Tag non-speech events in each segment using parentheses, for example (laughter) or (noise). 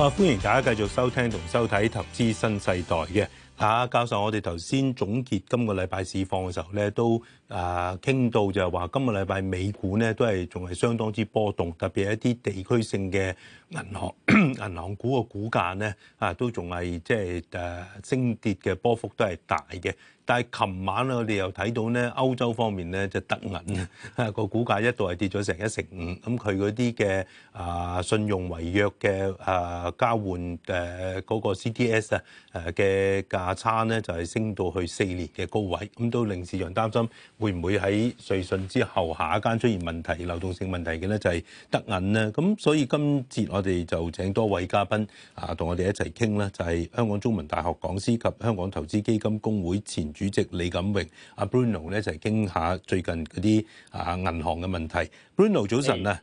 啊！歡迎大家繼續收聽同收睇《投資新世代》嘅啊！教授我哋頭先總結今個禮拜市況嘅時候咧，都啊傾到就係話，今個禮拜美股咧都係仲係相當之波動，特別係一啲地區性嘅銀行銀行股嘅股價咧啊，都仲係即係誒升跌嘅波幅都係大嘅。但係琴晚我哋又睇到咧，歐洲方面咧就德銀啊個股價一度係跌咗成一成五，咁佢嗰啲嘅啊信用違約嘅啊交換誒嗰個 CDS 啊誒嘅價差咧就係升到去四年嘅高位，咁都令市場擔心會唔會喺瑞信之後下一間出現問題、流動性問題嘅咧就係德銀咧，咁所以今節我哋就請多位嘉賓啊同我哋一齊傾啦，就係香港中文大學講師及香港投資基金公會前主席李錦榮，阿 Bruno 咧就係傾下最近嗰啲啊銀行嘅問題。Bruno 早晨啊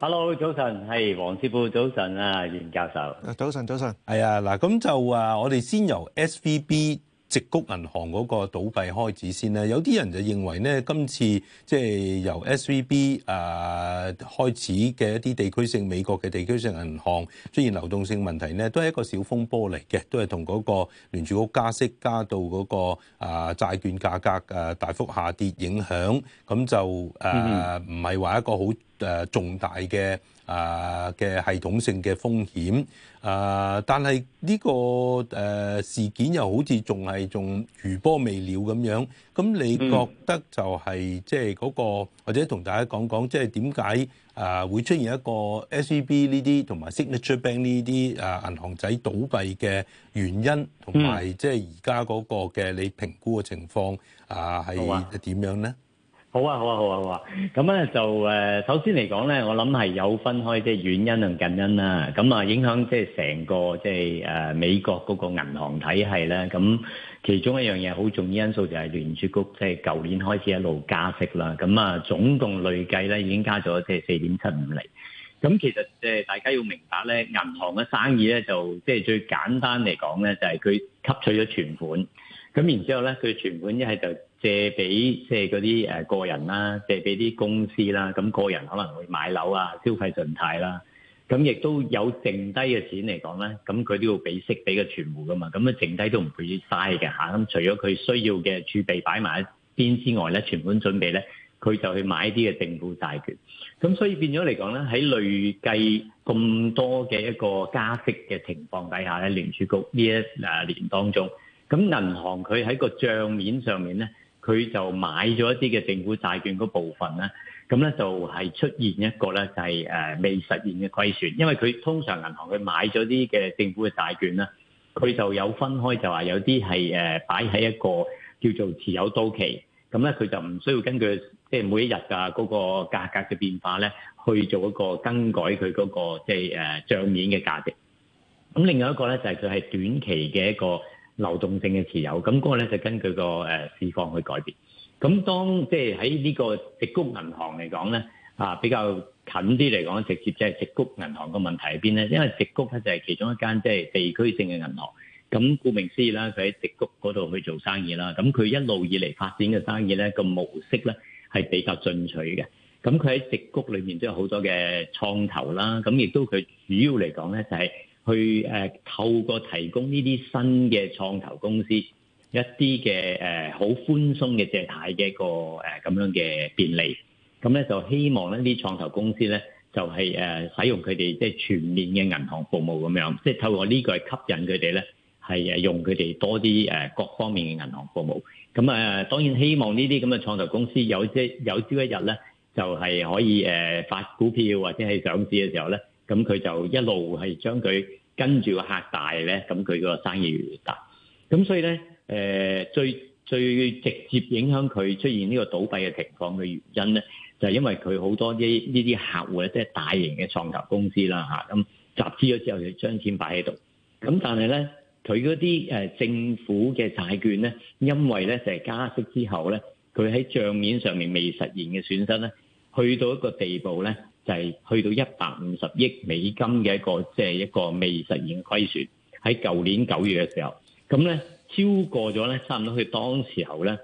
，Hello 早晨，係黃志富早晨啊，袁教授，早晨早晨，係啊嗱，咁就啊，我哋先由 SVB。矽谷銀行嗰個倒閉開始先啦。有啲人就認為咧，今次即係由 S V B 誒、呃、開始嘅一啲地區性美國嘅地區性銀行出現流動性問題咧，都係一個小風波嚟嘅，都係同嗰個聯儲局加息加到嗰、那個啊債、呃、券價格誒大幅下跌影響，咁就誒唔係話一個好誒重大嘅。啊嘅系統性嘅風險啊，但係呢個誒事件又好似仲係仲餘波未了咁樣。咁你覺得就係即係嗰個，或者同大家講講，即係點解啊會出現一個 SVB 呢啲同埋 Signature Bank 呢啲啊銀行仔倒閉嘅原因，同埋即係而家嗰個嘅你評估嘅情況啊係點樣呢？好啊好啊好啊好啊！咁咧、啊啊啊、就誒、呃，首先嚟講咧，我諗係有分開即係遠因同近因啦。咁啊、就是，影響即係成個即係誒美國嗰個銀行體系咧。咁其中一樣嘢好重要因素就係聯儲局即係舊年開始一路加息啦。咁啊，總共累計咧已經加咗即係四點七五厘。咁其實即係大家要明白咧，銀行嘅生意咧就即係最簡單嚟講咧，就係、是、佢吸取咗存款。咁然之後咧，佢存款一係就是。借俾借嗰啲誒個人啦，借俾啲公司啦，咁、那個人可能會買樓啊、消費信貸啦，咁亦都有剩低嘅錢嚟講咧，咁佢都要俾息俾個存戶噶嘛，咁啊剩低都唔會嘥嘅嚇，咁除咗佢需要嘅儲備擺埋一邊之外咧，存款準備咧，佢就去買啲嘅政府債券，咁所以變咗嚟講咧，喺累計咁多嘅一個加息嘅情況底下咧，聯儲局呢一誒年當中，咁銀行佢喺個帳面上面咧。佢就買咗一啲嘅政府債券嗰部分咧，咁咧就係出現一個咧就係誒未實現嘅虧損，因為佢通常銀行佢買咗啲嘅政府嘅債券咧，佢就有分開就話有啲係誒擺喺一個叫做持有到期，咁咧佢就唔需要根據即係每一日㗎嗰個價格嘅變化咧去做一個更改佢嗰個即係誒帳面嘅價值。咁另外一個咧就係佢係短期嘅一個。流動性嘅持有，咁嗰個咧就根據個誒市況去改變。咁當即係喺呢個矽谷銀行嚟講咧，啊比較近啲嚟講，直接即係矽谷銀行個問題喺邊咧？因為矽谷咧就係其中一間即係地區性嘅銀行。咁顧名思義啦，佢喺矽谷嗰度去做生意啦。咁佢一路以嚟發展嘅生意咧，個模式咧係比較進取嘅。咁佢喺矽谷裏面都有好多嘅創投啦。咁亦都佢主要嚟講咧就係。去誒透過提供呢啲新嘅創投公司一啲嘅誒好寬鬆嘅借貸嘅一個誒咁樣嘅便利，咁咧就希望咧啲創投公司咧就係誒使用佢哋即係全面嘅銀行服務咁樣，即係透過呢個吸引佢哋咧係用佢哋多啲誒各方面嘅銀行服務。咁誒當然希望呢啲咁嘅創投公司有即有朝一日咧就係可以誒發股票或者係上市嘅時候咧。咁佢就一路係將佢跟住個客大咧，咁佢個生意越嚟越大。咁所以咧，誒最最直接影響佢出現呢個倒閉嘅情況嘅原因咧，就係、是、因為佢好多啲呢啲客戶咧，即、就、係、是、大型嘅創投公司啦嚇，咁集資咗之後佢將錢擺喺度。咁但係咧，佢嗰啲政府嘅債券咧，因為咧就係、是、加息之後咧，佢喺帳面上面未實現嘅損失咧，去到一個地步咧。就係、是、去到一百五十億美金嘅一個，即、就、係、是、一個未實現虧損。喺舊年九月嘅時候，咁咧超過咗咧，差唔多佢當時候咧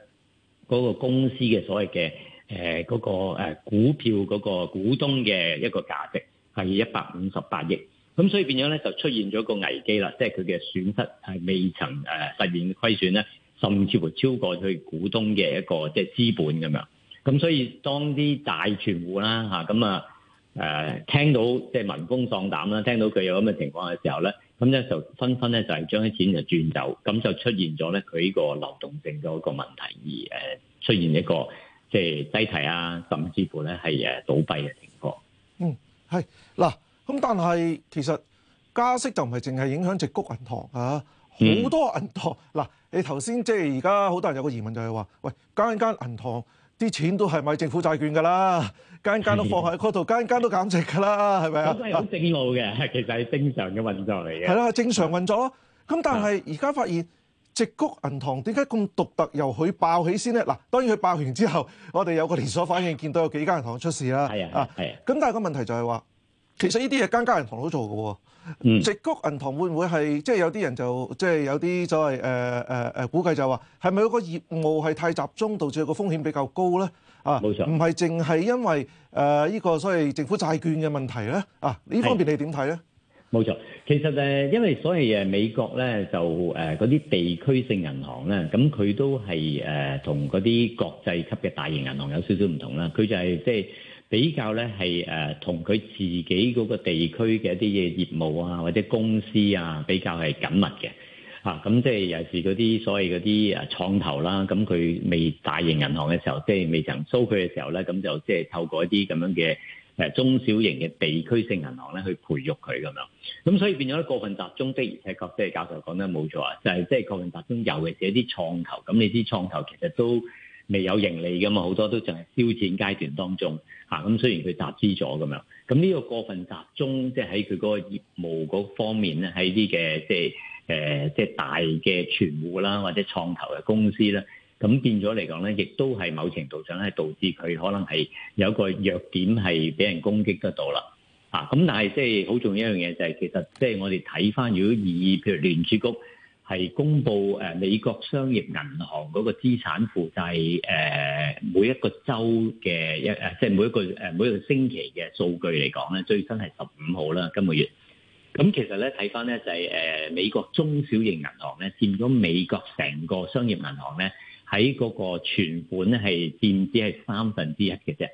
嗰個公司嘅所謂嘅誒嗰個股票嗰個股東嘅一個價值係一百五十八億。咁所以變咗咧就出現咗個危機啦，即係佢嘅損失係未曾誒實現虧損咧，甚至乎超過佢股東嘅一個即係資本咁樣。咁所以當啲大存戶啦嚇咁啊～誒聽到即係聞風喪膽啦！聽到佢有咁嘅情況嘅時候咧，咁咧就紛紛咧就係將啲錢就轉走，咁就出現咗咧佢呢個流動性嘅一個問題，而誒出現一個即係擠提啊，甚至乎咧係誒倒閉嘅情況。嗯，係嗱，咁但係其實加息就唔係淨係影響矽谷銀行啊，好多銀行嗱，你頭先即係而家好多人有個疑問就係、是、話，喂間間銀行。啲錢都係買政府債券噶啦，間間都放喺嗰度，間間都減值噶啦，係咪啊？都係好正路嘅，其實係正常嘅運作嚟嘅。係咯，正常運作咯。咁但係而家發現，矽谷銀行點解咁獨特，由佢爆起先咧？嗱，當然佢爆完之後，我哋有個連鎖反應，見到有幾間銀行出事啦。係啊，咁但係個問題就係、係、話。其實呢啲嘢間間銀行都做嘅喎，矽谷銀行會唔會係即係有啲人就即係有啲所謂誒誒誒估計就話係咪嗰個業務係太集中，導致個風險比較高咧？啊，冇錯，唔係淨係因為誒呢個所謂政府債券嘅問題咧。啊，呢方面你點睇咧？冇錯，其實誒，因為所謂誒美國咧就誒嗰啲地區性銀行咧，咁佢都係誒同嗰啲國際級嘅大型銀行有少少唔同啦。佢就係即係。比較咧係誒同佢自己嗰個地區嘅一啲嘅業務啊，或者公司啊比較係緊密嘅嚇，咁即係有時嗰啲所謂嗰啲誒創投啦，咁佢未大型銀行嘅時候，即係未曾收佢嘅時候咧，咁就即係透過一啲咁樣嘅誒中小型嘅地區性銀行咧去培育佢咁樣，咁所以變咗咧過分集中，的而且確即係教授講得冇錯啊，就係即係過分集中尤其係一啲創投，咁你啲創投其實都。未有盈利㗎嘛，好多都淨係燒錢階段當中嚇。咁、啊、雖然佢集資咗咁樣，咁呢個過分集中，即係喺佢嗰個業務嗰方面咧，喺啲嘅即係誒，即、就、係、是呃就是、大嘅存戶啦，或者創投嘅公司啦，咁變咗嚟講咧，亦都係某程度上係導致佢可能係有一個弱點係俾人攻擊得到啦。啊，咁但係即係好重要一樣嘢就係、是、其實即係、就是、我哋睇翻如果以譬如聯儲局。係公布誒美國商業銀行嗰個資產負債誒每一個週嘅一誒，即係每一個誒每一個星期嘅數據嚟講咧，最新係十五號啦，今個月。咁其實咧睇翻咧就係誒美國中小型銀行咧，佔咗美國成個商業銀行咧，喺嗰個存款咧係佔止係三分之一嘅啫。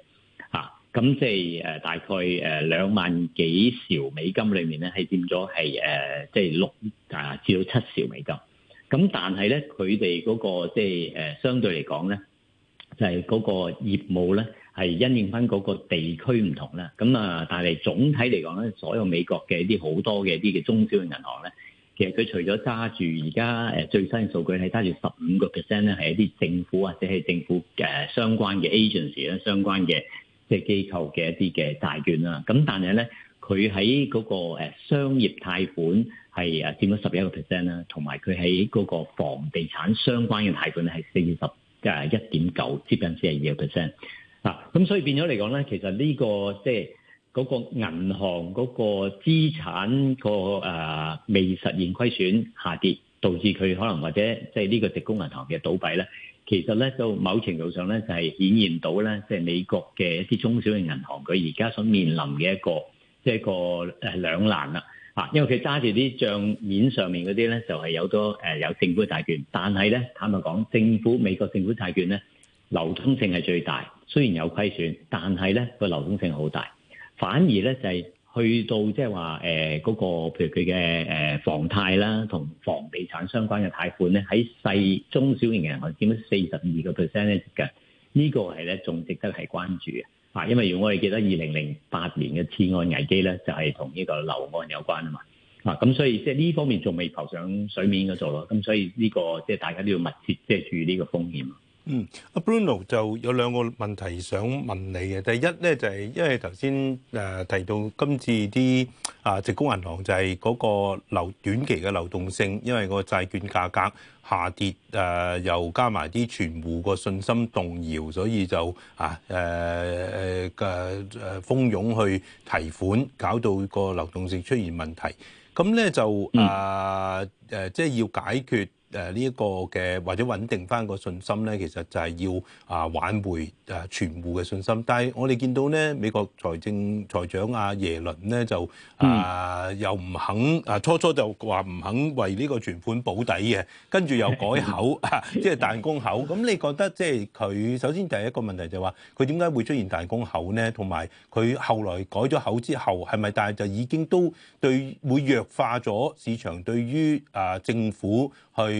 咁即係大概誒兩萬幾兆美金裏面咧，係佔咗係即係六啊至到七兆美金。咁但係咧，佢哋嗰個即係相對嚟講咧，就係、是、嗰個業務咧係因應翻嗰個地區唔同啦。咁啊，但係總體嚟講咧，所有美國嘅一啲好多嘅一啲嘅中小嘅銀行咧，其實佢除咗揸住而家最新嘅數據係揸住十五個 percent 咧，係一啲政府或者係政府嘅相關嘅 agency 咧，相關嘅。即係機構嘅一啲嘅債券啦，咁但係咧，佢喺嗰個商業貸款係誒佔咗十一個 percent 啦，同埋佢喺嗰個房地產相關嘅貸款咧係四十誒一點九接近四十二個 percent 啊，咁所以變咗嚟講咧，其實呢、這個即係嗰個銀行嗰個資產個、啊、未實現虧損下跌，導致佢可能或者即係、就是、呢個矽谷銀行嘅倒閉咧。其實咧，到某程度上咧，就係、是、顯現到咧，即、就、係、是、美國嘅一啲中小型銀行，佢而家所面臨嘅一個即係、就是、個誒、啊、兩難啦嚇。因為佢揸住啲帳面上面嗰啲咧，就係、是、有咗誒、啊、有政府債券，但係咧坦白講，政府美國政府債券咧流通性係最大，雖然有虧損，但係咧個流通性好大，反而咧就係、是。去到即係話誒，嗰個譬如佢嘅誒房貸啦，同房地產相關嘅貸款咧，喺細中小型嘅銀行佔咗四十二個 percent 嘅，呢個係咧仲值得係關注嘅啊！因為如果我哋記得二零零八年嘅次按危機咧，就係同呢個樓按有關啊嘛啊！咁所以即係呢方面仲未浮上水面嗰度咯，咁所以呢個即係大家都要密切即係注意呢個風險。嗯，阿 Bruno 就有兩個問題想問你嘅。第一咧就係因為頭先誒提到今次啲啊，矽谷銀行就係嗰個流短期嘅流動性，因為個債券價格下跌誒，又加埋啲存戶個信心動搖，所以就啊誒誒嘅誒蜂擁去提款，搞到個流動性出現問題。咁咧就啊誒，即係要解決。誒呢一個嘅或者穩定翻個信心咧，其實就係要啊挽回誒全戶嘅信心。但係我哋見到咧，美國財政財長阿耶倫咧就啊、嗯、又唔肯啊，初初就話唔肯為呢個存款保底嘅，跟住又改口，即係彈弓口。咁你覺得即係佢首先第一個問題就話佢點解會出現彈弓口咧？同埋佢後來改咗口之後係咪？是不是但係就已經都對會弱化咗市場對於啊政府去。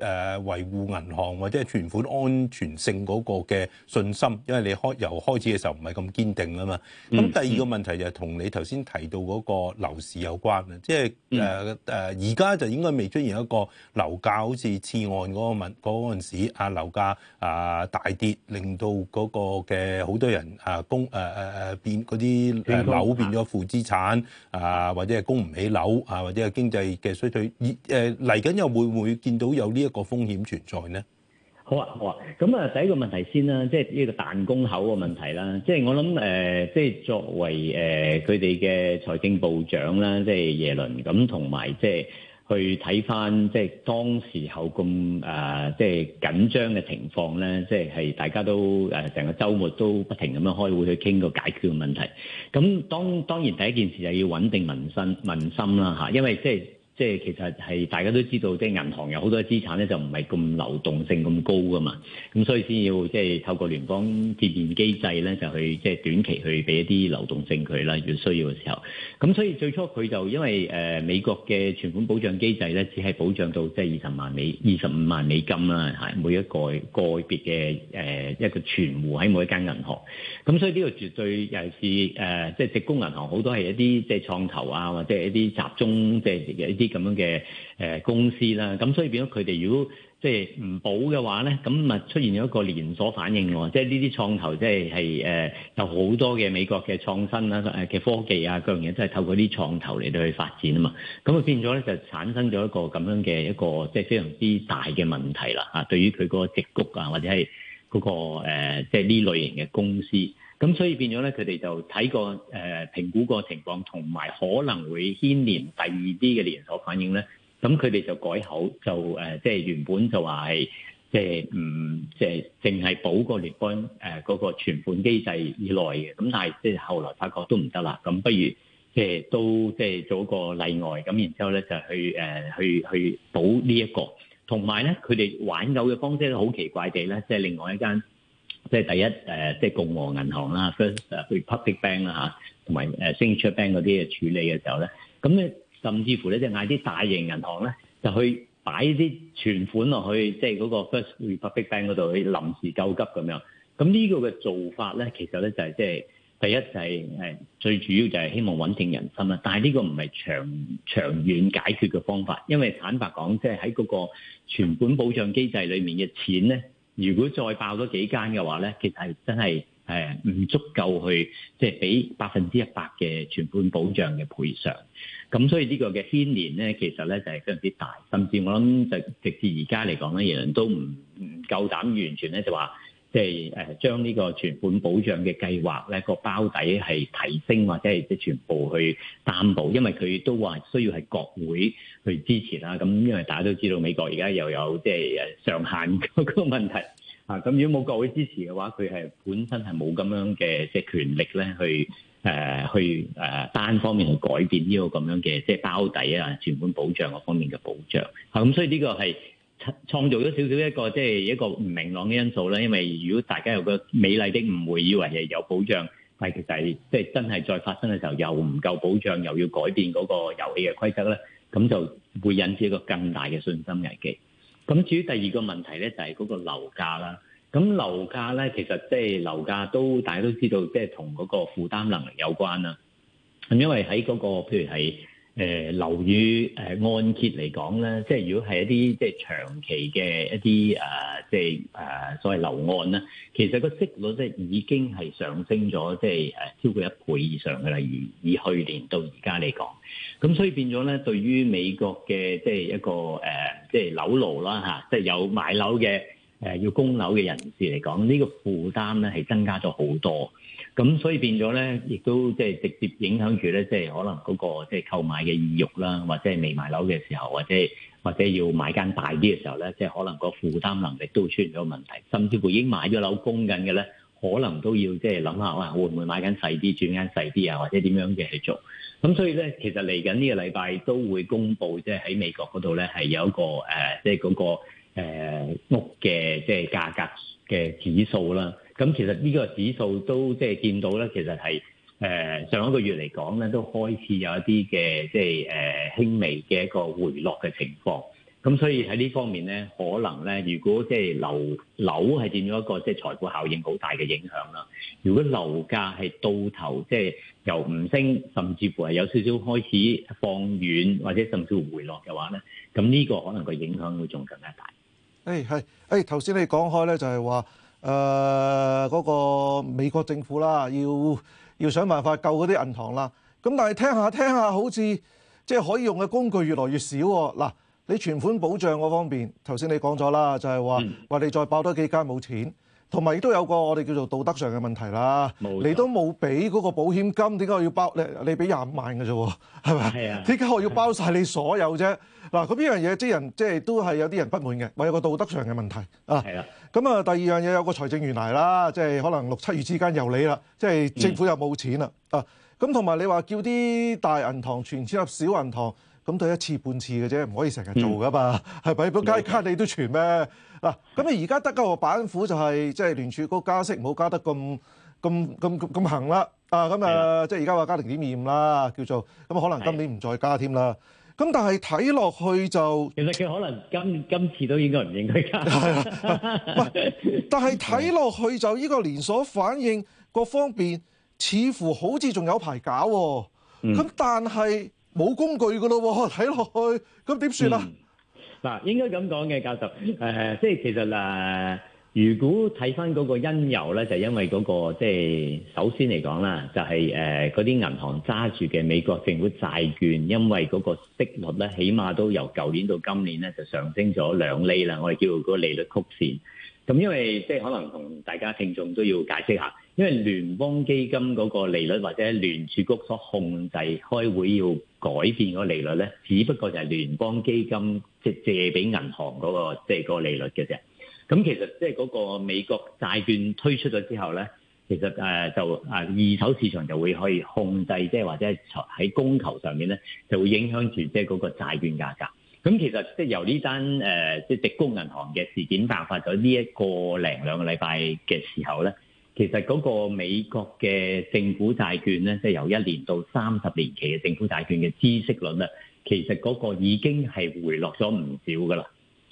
誒、啊、維護銀行或者係存款安全性嗰個嘅信心，因為你開由開始嘅時候唔係咁堅定啊嘛。咁第二個問題就係、是、同你頭先提到嗰個樓市有關、就是、啊，即係誒誒，而家就應該未出現一個樓價好似次案次按嗰、那個問嗰、那個、時候啊，樓價啊大跌，令到嗰個嘅好多人啊供誒誒誒變嗰啲樓變咗負資產啊，或者係供唔起樓啊，或者係經濟嘅衰退，誒嚟緊又會唔會見到有呢一個風險存在呢？好啊好啊，咁啊第一個問題先啦，即係呢個彈弓口嘅問題啦，即係我諗誒，即係作為誒佢哋嘅財政部長啦，即係耶倫咁，同埋即係去睇翻，即係當時候咁啊，即係緊張嘅情況咧，即係係大家都誒成個周末都不停咁樣開會去傾個解決嘅問題。咁當然當然第一件事就要穩定民生民心啦吓，因為即係。即係其實係大家都知道，即係銀行有好多資產咧，就唔係咁流動性咁高噶嘛。咁所以先要即係透過聯邦貼現機制咧，就去即係短期去俾一啲流動性佢啦，如果需要嘅時候。咁所以最初佢就因為誒、呃、美國嘅存款保障機制咧，只係保障到即係二十萬美二十五萬美金啦、啊，係每一個個別嘅誒一個存戶喺每一間銀行。咁所以呢個絕對尤其是誒、呃，即係矽谷銀行好多係一啲即係創投啊，或者一啲集中即係一啲。咁樣嘅公司啦，咁所以變咗佢哋如果即係唔保嘅話咧，咁咪出現咗一個連鎖反應喎。即係呢啲創投即係係有好多嘅美國嘅創新啦，嘅科技啊，各樣嘢都係透過啲創投嚟到去發展啊嘛。咁啊變咗咧就產生咗一個咁樣嘅一個即係非常之大嘅問題啦。對於佢嗰個矽谷啊，或者係嗰個誒即係呢類型嘅公司。咁所以變咗咧，佢哋就睇過誒評估個情況，同埋可能會牽連第二啲嘅連鎖反應咧。咁佢哋就改口，就誒即係原本就話係即係唔即係淨係保個聯邦誒嗰個存款機制以內嘅。咁但係即係後來發覺都唔得啦，咁不如即係都即係做個例外。咁然之後咧就去誒去去保呢一個，同埋咧佢哋玩偶嘅方式咧好奇怪地咧，即係另外一間。即係第一誒，即係共和銀行啦，First 誒去 Republic Bank 啦嚇，同埋誒新出 bank 嗰啲嘅處理嘅時候咧，咁咧甚至乎咧，即係嗌啲大型銀行咧，就去擺啲存款落去，即係嗰個 First Republic Bank 嗰度去臨時救急咁樣。咁呢個嘅做法咧，其實咧就係即係第一就係、是、誒最主要就係希望穩定人心啦。但係呢個唔係長長遠解決嘅方法，因為坦白講，即係喺嗰個存款保障機制裡面嘅錢咧。如果再爆多幾間嘅話咧，其實係真係唔足夠去即係俾百分之一百嘅存款保障嘅賠償，咁所以呢個嘅牽連咧，其實咧就係非常之大，甚至我諗就直至而家嚟講咧，人人都唔夠膽完全咧就話。即係誒將呢個存款保障嘅計劃咧個包底係提升或者係即係全部去擔保，因為佢都話需要係國會去支持啦。咁因為大家都知道美國而家又有即係誒上限嗰個問題啊。咁如果冇國會支持嘅話，佢係本身係冇咁樣嘅即係權力咧去誒、呃、去誒單方面去改變呢個咁樣嘅即係包底啊存款保障嗰方面嘅保障。咁所以呢個係。創造咗少少一個即係一個唔明朗嘅因素啦，因為如果大家有個美麗的誤會，以為係有保障，但係其實係即係真係在發生嘅時候又唔夠保障，又要改變嗰個遊戲嘅規則咧，咁就會引致一個更大嘅信心危機。咁至於第二個問題咧，就係嗰個樓價啦。咁樓價咧，其實即係樓價都大家都知道，即係同嗰個負擔能力有關啦。咁因為喺嗰個譬如係，誒、呃、樓宇誒、呃、按揭嚟講咧，即係如果係一啲即係長期嘅一啲啊，即係啊所謂樓按，啦，其實個息率即係已經係上升咗，即係誒、啊、超過一倍以上嘅。例如以去年到而家嚟講，咁所以變咗咧，對於美國嘅即係一個誒、呃，即係樓奴啦嚇，即係有買樓嘅誒要供樓嘅人士嚟講，呢、這個負擔咧係增加咗好多。咁所以變咗咧，亦都即係直接影響住咧，即係可能嗰個即係購買嘅意欲啦，或者係未買樓嘅時候，或者或者要買間大啲嘅時候咧，即係可能個負擔能力都出現咗問題，甚至乎已經買咗樓供緊嘅咧，可能都要即係諗下話會唔會買緊細啲轉間細啲啊，或者點樣嘅去做？咁所以咧，其實嚟緊呢個禮拜都會公布，即係喺美國嗰度咧係有一個誒，即係嗰個、呃、屋嘅即係價格嘅指數啦。咁其實呢個指數都即係見到咧，其實係誒、呃、上一個月嚟講咧，都開始有一啲嘅即係誒輕微嘅一個回落嘅情況。咁所以喺呢方面咧，可能咧，如果即係樓樓係佔咗一個即係財富效應好大嘅影響啦。如果樓價係到頭即係、就是、由唔升，甚至乎係有少少開始放軟，或者甚至乎回落嘅話咧，咁呢個可能個影響會仲更加大。誒係，誒頭先你講開咧，就係話。誒、呃、嗰、嗰個美國政府啦，要要想辦法救嗰啲銀行啦。咁但係聽下聽下，好似即係可以用嘅工具越來越少喎。嗱，你存款保障嗰方面，頭先你講咗啦，就係話話你再爆多幾間冇錢。同埋亦都有個我哋叫做道德上嘅問題啦，你都冇俾嗰個保險金，點解我要包你？你俾廿五萬嘅啫，係咪？點解、啊、我要包晒你所有啫？嗱、啊，咁呢、啊、樣嘢啲人即係都係有啲人不滿嘅，話有個道德上嘅問題啊。咁啊，第二樣嘢有個財政懸崖啦，即係可能六七月之間又嚟你啦，即係政府又冇錢啦、嗯、啊。咁同埋你話叫啲大銀行存錢入小銀行，咁都一次半次嘅啫，唔可以成日做噶嘛？係、嗯、咪？本、嗯、街卡你都存咩？嗱、啊，咁你而家得嘅個板斧就係即係聯儲局加息，唔好加得咁咁咁咁行啦。啊，咁啊，即係而家話加零點二五啦，叫做咁可能今年唔再加添啦。咁但係睇落去就其實佢可能今今次都應該唔應該加， (laughs) 但係睇落去就呢、呢個連鎖反應各方面，似乎好似仲有排搞喎。咁、嗯、但係冇工具㗎咯喎，睇落去咁點算啊？嗱，應該咁講嘅，教授，誒、呃，即係其實誒、呃，如果睇翻嗰個因由咧，就因為嗰、那個即係首先嚟講啦，就係誒嗰啲銀行揸住嘅美國政府債券，因為嗰個息率咧，起碼都由舊年到今年咧就上升咗兩厘啦，我哋叫做嗰個利率曲線。咁因為即係可能同大家聽眾都要解釋下。因為聯邦基金嗰個利率或者聯儲局所控制開會要改變嗰利率咧，只不過就係聯邦基金即係、就是、借俾銀行嗰個即係個利率嘅啫。咁其實即係嗰個美國債券推出咗之後咧，其實誒就啊二手市場就會可以控制，即、就、係、是、或者係喺供求上面咧就會影響住即係嗰個債券價格。咁其實即係由呢單誒即係矽谷銀行嘅事件爆發咗呢一個零兩個禮拜嘅時候咧。其實嗰個美國嘅政府債券咧，即係由一年到三十年期嘅政府債券嘅孳息率啊，其實嗰個已經係回落咗唔少噶啦。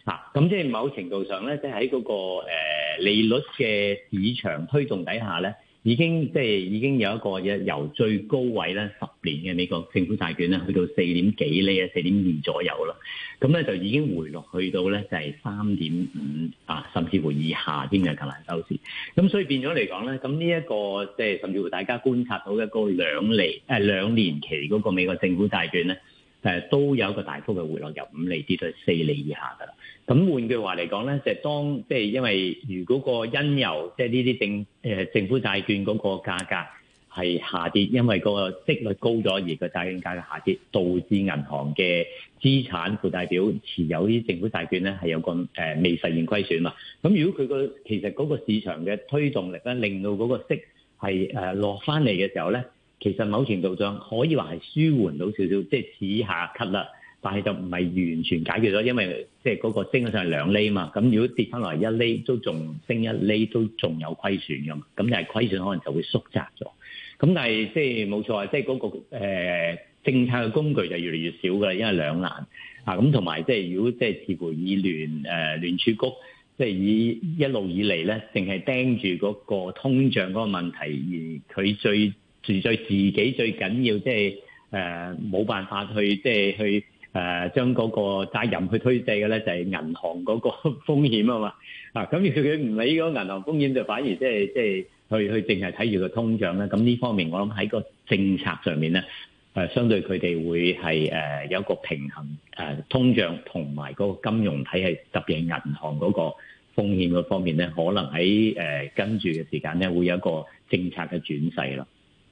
啊，咁即係某程度上咧，即係喺嗰個、呃、利率嘅市場推動底下咧。已經即係已經有一個嘅由最高位咧，十年嘅美國政府債券咧，去到四點幾厘啊，四點二左右啦。咁咧就已經回落去到咧就係三點五啊，甚至乎以下添嘅近來收市。咁所以變咗嚟講咧，咁呢一個即係甚至乎大家觀察到嘅嗰個兩釐誒兩年期嗰個美國政府債券咧。誒都有一個大幅嘅回落，由五厘跌到四厘以下㗎啦。咁換句話嚟講咧，就當即係因為如果個因由即係呢啲政政府債券嗰個價格係下跌，因為個息率高咗而個債券價格下跌，導致銀行嘅資產負債表持有啲政府債券咧，係有個誒未實現虧損嘛。咁如果佢個其實嗰個市場嘅推動力咧，令到嗰個息係落翻嚟嘅時候咧。其實某程度上可以話係舒緩到少少，即係止下咳啦。但係就唔係完全解決咗，因為即係嗰個升咗上嚟兩厘嘛。咁如果跌翻落嚟一厘，都仲升一厘，都仲有虧損噶嘛。咁但係虧損可能就會縮窄咗。咁但係即係冇錯即係嗰個、呃、政策嘅工具就越嚟越少噶，因為兩難啊。咁同埋即係如果即係似乎以聯誒聯儲局即係、就是、以一路以嚟咧，淨係盯住嗰個通脹嗰個問題而佢最。除在自己最緊要，即係誒冇辦法去，即係去誒將嗰個責任去推卸嘅呢就係銀行嗰個風險啊嘛。啊，咁如果佢唔理個銀行風險，就反而、就係、即係即係去去淨係睇住個通脹呢。咁呢方面，我諗喺個政策上面呢，呃、相對佢哋會係誒、呃、有個平衡誒、呃、通脹同埋個金融體系，特別係銀行嗰個風險嗰方面呢，可能喺、呃、跟住嘅時間呢，會有一個政策嘅轉勢啦。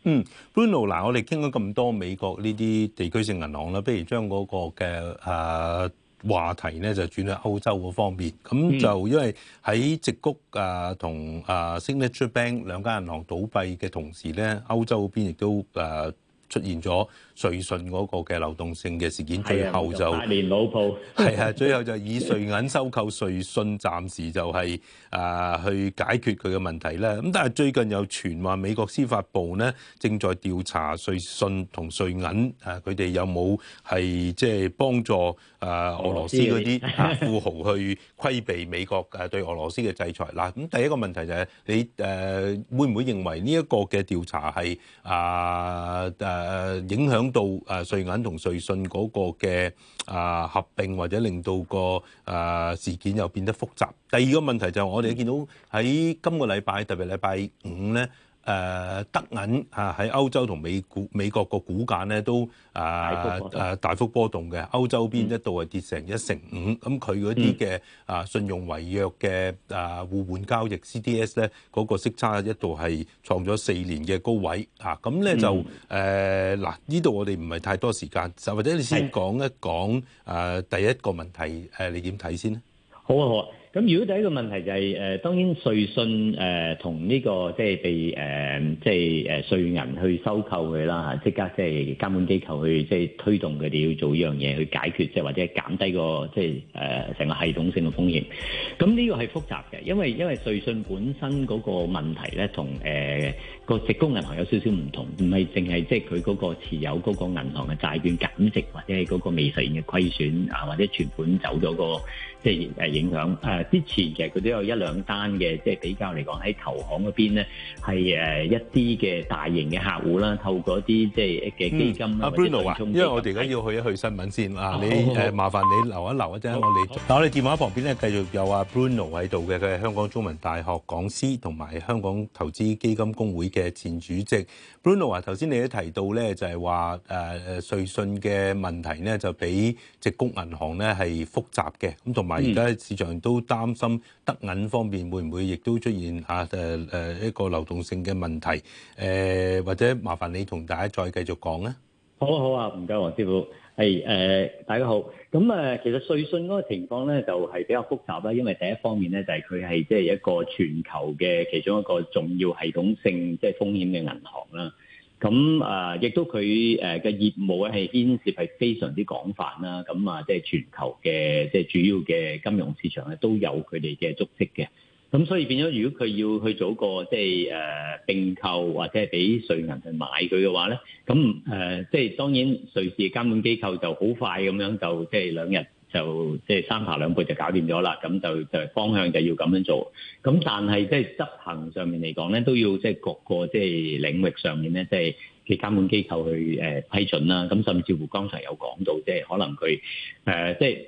嗯，Bruno，嗱、啊，我哋傾咗咁多美國呢啲地區性銀行啦，不如將嗰個嘅誒、啊、話題咧就轉去歐洲嗰方面。咁就因為喺矽谷啊同啊 Signature Bank 兩間銀行倒閉嘅同時咧，歐洲嗰邊亦都誒、啊、出現咗。瑞信嗰個嘅流動性嘅事件，最後就百年老鋪，係 (laughs) 啊，最後就以瑞銀收購瑞信，暫時就係、是、誒、啊、去解決佢嘅問題啦。咁但係最近有傳話美國司法部咧正在調查瑞信同瑞銀誒佢哋有冇係即係幫助誒、啊、俄羅斯嗰啲富豪去規避美國誒對俄羅斯嘅制裁。嗱、啊，咁第一個問題就係、是、你誒、啊、會唔會認為呢一個嘅調查係啊誒、啊、影響。到誒瑞銀同瑞信嗰個嘅誒合併，或者令到個誒事件又變得複雜。第二個問題就係我哋見到喺今個禮拜特別禮拜五咧。誒德銀啊，喺歐洲同美股美國個股價咧都啊啊大幅波動嘅，歐洲邊一度係跌成一成五，咁佢嗰啲嘅啊信用違約嘅啊互換交易 CDS 咧，嗰個息差一度係創咗四年嘅高位啊！咁咧就誒嗱，嗯、呃、呢度我哋唔係太多時間，就或者你先講一講誒第一個問題誒，你點睇先咧？好啊，好啊。咁如果第一個問題就係、係呃、當然瑞信誒、呃、同呢、呢個即係被誒、呃、即瑞銀去收購佢啦吓，即刻即係監管機構去即推動佢哋要做呢樣嘢去解決，即係或者減低個即係成、呃、個系統性嘅風險。咁呢個係複雜嘅，因為因為瑞信本身嗰個問題咧同、呃個職工銀行有少少唔同，唔係淨係即係佢嗰個持有嗰個銀行嘅債券減值，或者係嗰個未實現嘅虧損啊，或者存款走咗個即係誒影響。誒、啊、之前其實佢都有一兩單嘅，即係比較嚟講喺投行嗰邊咧，係誒一啲嘅大型嘅客戶啦，透過一啲即係嘅基金啊、嗯，因為我哋而家要去一去新聞先啊，你誒麻煩你留一留一陣，我哋我我哋電話旁邊咧繼續有阿 Bruno 喺度嘅，佢係香港中文大學講師同埋香港投資基金公會嘅前主席 Bruno 話、啊：頭先你都提到咧，就係話誒誒瑞信嘅問題咧，就比矽谷銀行咧係複雜嘅，咁同埋而家市場都擔心德銀方面會唔會亦都出現嚇誒誒一個流動性嘅問題誒、啊，或者麻煩你同大家再繼續講咧。好啊好啊，唔該，黃師傅。係誒、呃，大家好。咁誒，其實瑞信嗰個情況咧，就係比較複雜啦。因為第一方面咧，就係佢係即係一個全球嘅其中一個重要系統性即係、就係、風險嘅銀行啦。咁啊，亦都佢誒嘅業務咧係牽涉係非常之廣泛啦。咁啊，即、就、係、係、全球嘅即係主要嘅金融市場咧都有佢哋嘅足跡嘅。咁所以變咗，如果佢要去做個即係誒並購，或者係俾瑞銀去買佢嘅話咧，咁誒、呃、即係當然瑞士監管機構就好快咁樣就即係兩日就即係三下兩步就搞掂咗啦。咁就就係、方向就要咁樣做。咁但係即係執行上面嚟講咧，都要即係各個即係領域上面咧，即係嘅監管機構去、呃、批准啦。咁甚至乎剛才有講到，即係可能佢誒、呃、即係。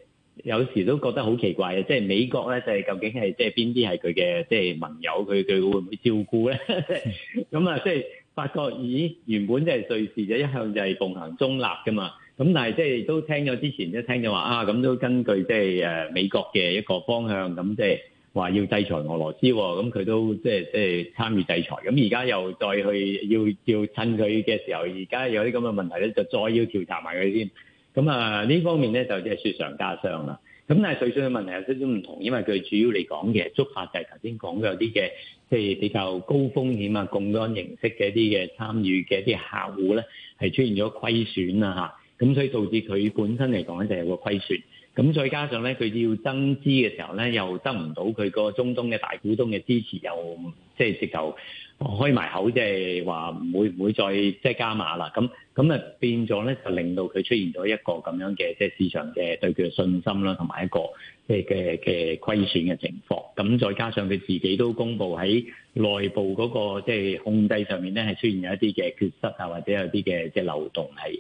有時都覺得好奇怪嘅，即係美國咧，就係究竟係即係邊啲係佢嘅即係盟友，佢佢會唔會照顧咧？咁 (laughs) 啊、嗯，即係發覺，咦，原本即係瑞士就一向就係奉行中立噶嘛，咁但係即係都聽咗之前，一聽就話啊，咁都根據即係誒美國嘅一個方向，咁即係話要制裁俄羅斯喎，咁佢都即係即係參與制裁，咁而家又再去要，要趁佢嘅時候，而家有啲咁嘅問題咧，就再要調查埋佢先。咁啊，呢方面咧就即係雪上加霜啦。咁但係瑞信嘅問題有少少唔同，因為佢主要嚟講嘅觸發就係頭先講嘅有啲嘅即係比較高風險啊，共安形式嘅一啲嘅參與嘅一啲客戶咧係出現咗虧損啊嚇，咁所以導致佢本身嚟講咧就有個虧損。咁再加上咧佢要增資嘅時候咧又得唔到佢個中東嘅大股東嘅支持，又即係直頭。開埋口，即係話唔會唔會再即係加碼啦，咁咁啊變咗咧就令到佢出現咗一個咁樣嘅即係市場嘅對佢嘅信心啦，同埋一個即係嘅嘅虧損嘅情況。咁再加上佢自己都公布喺內部嗰個即係控制上面咧，係出現有一啲嘅缺失啊，或者有啲嘅即係漏洞係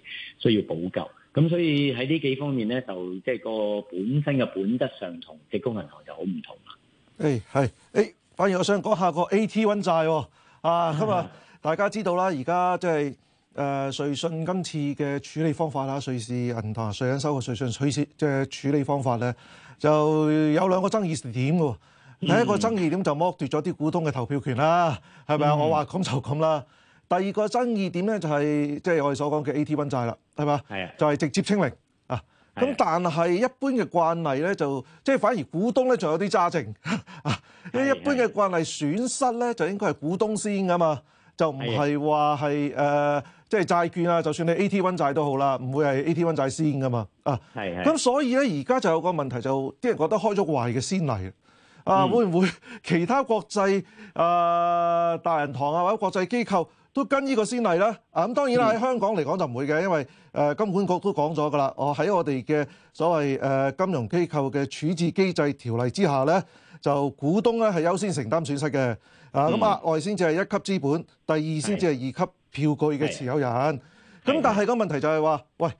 需要補救。咁所以喺呢幾方面咧，就即係個本身嘅本質上同矽谷銀行就好唔同啦。誒係誒，反而我想講下個 AT1 債喎，哦。啊，咁啊！大家知道啦，而家即係誒瑞信今次嘅處理方法啦，瑞士銀行、瑞銀收購瑞信，取捨即係處理方法咧，就有兩個爭議點嘅、嗯。第一個爭議點就剝奪咗啲股東嘅投票權啦，係咪啊？我話咁就咁啦。第二個爭議點咧就係即係我哋所講嘅 AT1 債啦，係嘛？係啊，就係、是、直接清零。咁但係一般嘅慣例咧，就即係反而股東咧，就有啲揸正啊！一一般嘅慣例損失咧，就應該係股東先噶嘛，就唔係話係呃、即係債券啊，就算你 AT1 債都好啦，唔會係 AT1 債先噶嘛啊！係，咁所以咧，而家就有個問題，就啲人覺得開咗壞嘅先例啊！會唔會其他國際、呃、大銀堂啊，或者國際機構？都跟呢個先例啦，啊咁當然啦喺香港嚟講就唔會嘅，因為誒、呃、金管局都講咗㗎喇，在我喺我哋嘅所謂誒、呃、金融機構嘅處置機制條例之下呢，就股東呢係優先承擔損失嘅，啊咁額外先至係一級資本，第二先至係二級票據嘅持有人，咁但係個問題就係話，喂，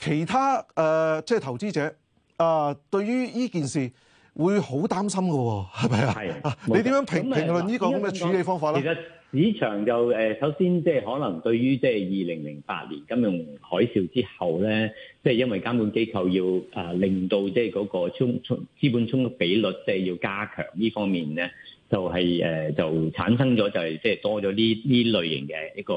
其他誒即係投資者啊，對於呢件事，會好擔心㗎喎，係咪啊？你點樣評評論呢個咁嘅處理方法咧？其實市場就首先即係可能對於即係二零零八年金融海嘯之後咧，即係因為監管機構要啊令到即係嗰個充充資本充足比率即係要加強呢方面咧，就係誒就產生咗就係即係多咗呢呢類型嘅一個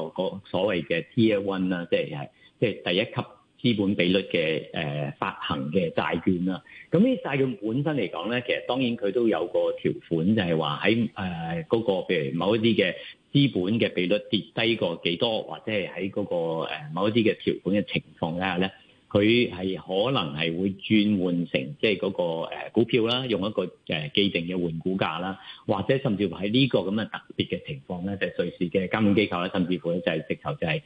所謂嘅 Tier One 啦，即係即係第一級。資本比率嘅誒發行嘅債券啦，咁呢啲債券本身嚟講咧，其實當然佢都有個條款就，就係話喺誒嗰個譬如某一啲嘅資本嘅比率跌低過幾多，或者係喺嗰個某一啲嘅條款嘅情況底下咧，佢係可能係會轉換成即係嗰個股票啦，用一個既定嘅換股價啦，或者甚至乎喺呢個咁嘅特別嘅情況咧，就係、瑞士嘅監管機構咧，甚至乎咧就係直頭就係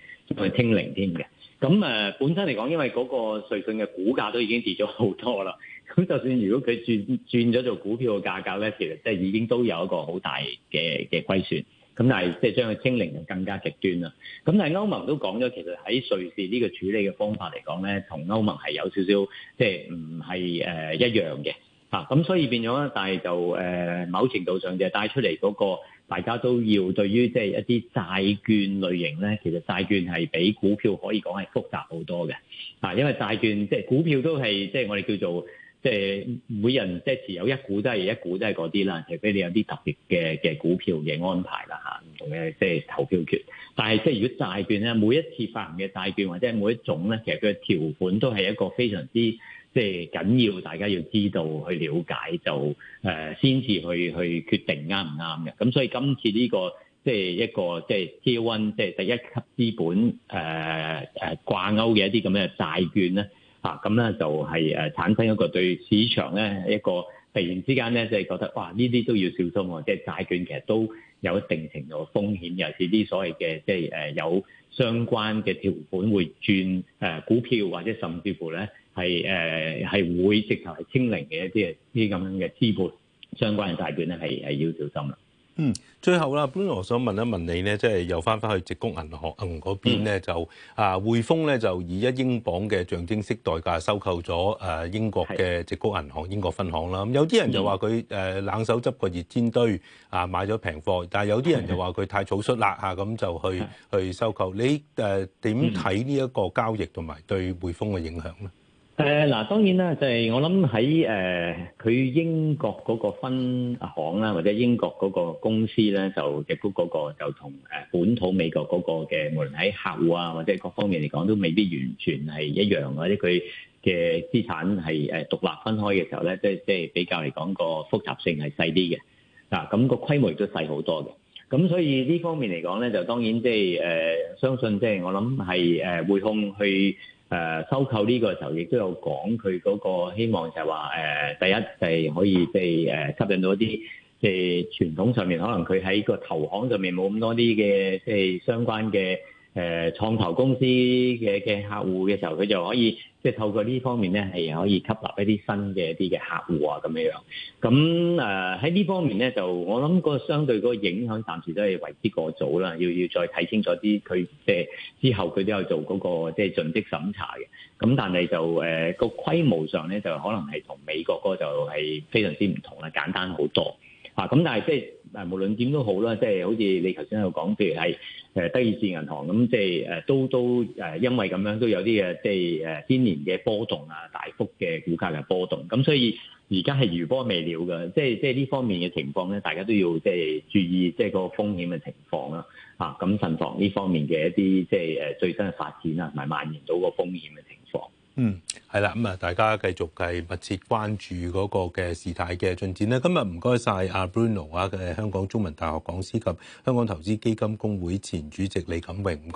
去清零添嘅。咁誒本身嚟講，因為嗰個瑞信嘅股價都已經跌咗好多啦，咁就算如果佢轉轉咗做股票嘅價格咧，其實即係已經都有一個好大嘅嘅虧損，咁但係即係將佢清零就更加極端啦。咁但係歐盟都講咗，其實喺瑞士呢個處理嘅方法嚟講咧，同歐盟係有少少即係唔係誒一樣嘅，咁、啊、所以變咗，但係就誒、呃、某程度上就帶出嚟嗰、嗰個。大家都要對於即係一啲債券類型咧，其實債券係比股票可以講係複雜好多嘅啊。因為債券即係股票都係即係我哋叫做即係每人即係持有一股都係一股都係嗰啲啦，除非你有啲特別嘅嘅股票嘅安排啦嚇，唔同嘅即係投票權。但係即係如果債券咧，每一次發行嘅債券或者每一種咧，其實佢嘅條款都係一個非常之。即係緊要，大家要知道去了解，就誒先至去去決定啱唔啱嘅。咁所以今次呢、這個即係、就是、一個即係 T1 即係第一級資本誒誒掛鈎嘅一啲咁樣嘅債券咧，咁咧，就係誒產生一個對市場咧一個突然之間咧，即、就、係、是、覺得哇呢啲都要小心喎。即係債券其實都有一定程度嘅風險，尤其是啲所謂嘅即係有相關嘅條款會轉誒、呃、股票，或者甚至乎咧。係誒，係會直頭係清零嘅，即係啲咁樣嘅支付相關嘅債券咧，係係要小心啦。嗯，最後啦，本來我想問一問你咧，即係又翻翻去矽谷銀行嗰邊咧，就啊滙豐咧就以一英鎊嘅象徵式代價收購咗誒英國嘅矽谷銀行英國分行啦。咁有啲人就話佢誒冷手執個熱煎堆啊，買咗平貨，但係有啲人就話佢太草率啦吓，咁就去去收購。你誒點睇呢一個交易同埋對滙豐嘅影響咧？誒嗱，當然啦，就係我諗喺誒佢英國嗰個分行啦，或者英國嗰個公司咧，就亦都個個就同誒本土美國嗰個嘅，無論喺客戶啊或者各方面嚟講，都未必完全係一樣，或者佢嘅資產係誒獨立分開嘅時候咧，即係即係比較嚟講個複雜性係細啲嘅。嗱，咁個規模亦都細好多嘅。咁所以呢方面嚟講咧，就當然即係誒相信即係我諗係誒滙控去。誒收購呢個時候，亦都有講佢嗰個希望就係話，誒第一係可以即係誒吸引到一啲即係傳統上面，可能佢喺個投行上面冇咁多啲嘅即係相關嘅。誒、呃、創投公司嘅嘅客戶嘅時候，佢就可以即係透過呢方面咧，係可以吸納一啲新嘅一啲嘅客戶啊咁樣樣。咁誒喺呢方面咧，就我諗個相對嗰個影響暫時都係為之過早啦，要要再睇清楚啲佢即係之後佢都有做嗰、嗰個即係盡職審查嘅。咁但係就誒個規模上咧，就可能係同美國嗰就係非常之唔同啦，簡單好多。啊！咁但係即係誒，無論點都好啦，即係好似你頭先喺度講，譬如係誒德意志銀行咁，即係誒都都誒，因為咁樣都有啲嘅，即係誒天然嘅波動啊，大幅嘅股價嘅波動。咁所以而家係餘波未了㗎。即係即係呢方面嘅情況咧，大家都要即係注意，即係個風險嘅情況啦。咁慎防呢方面嘅一啲即係誒最新嘅發展啊，同埋蔓延到個風險嘅情況。嗯，係啦，咁啊，大家繼續係密切關注嗰個嘅事態嘅進展啦。今日唔該曬阿 Bruno 啊，嘅香港中文大學講師及香港投資基金公會前主席李錦榮，唔該。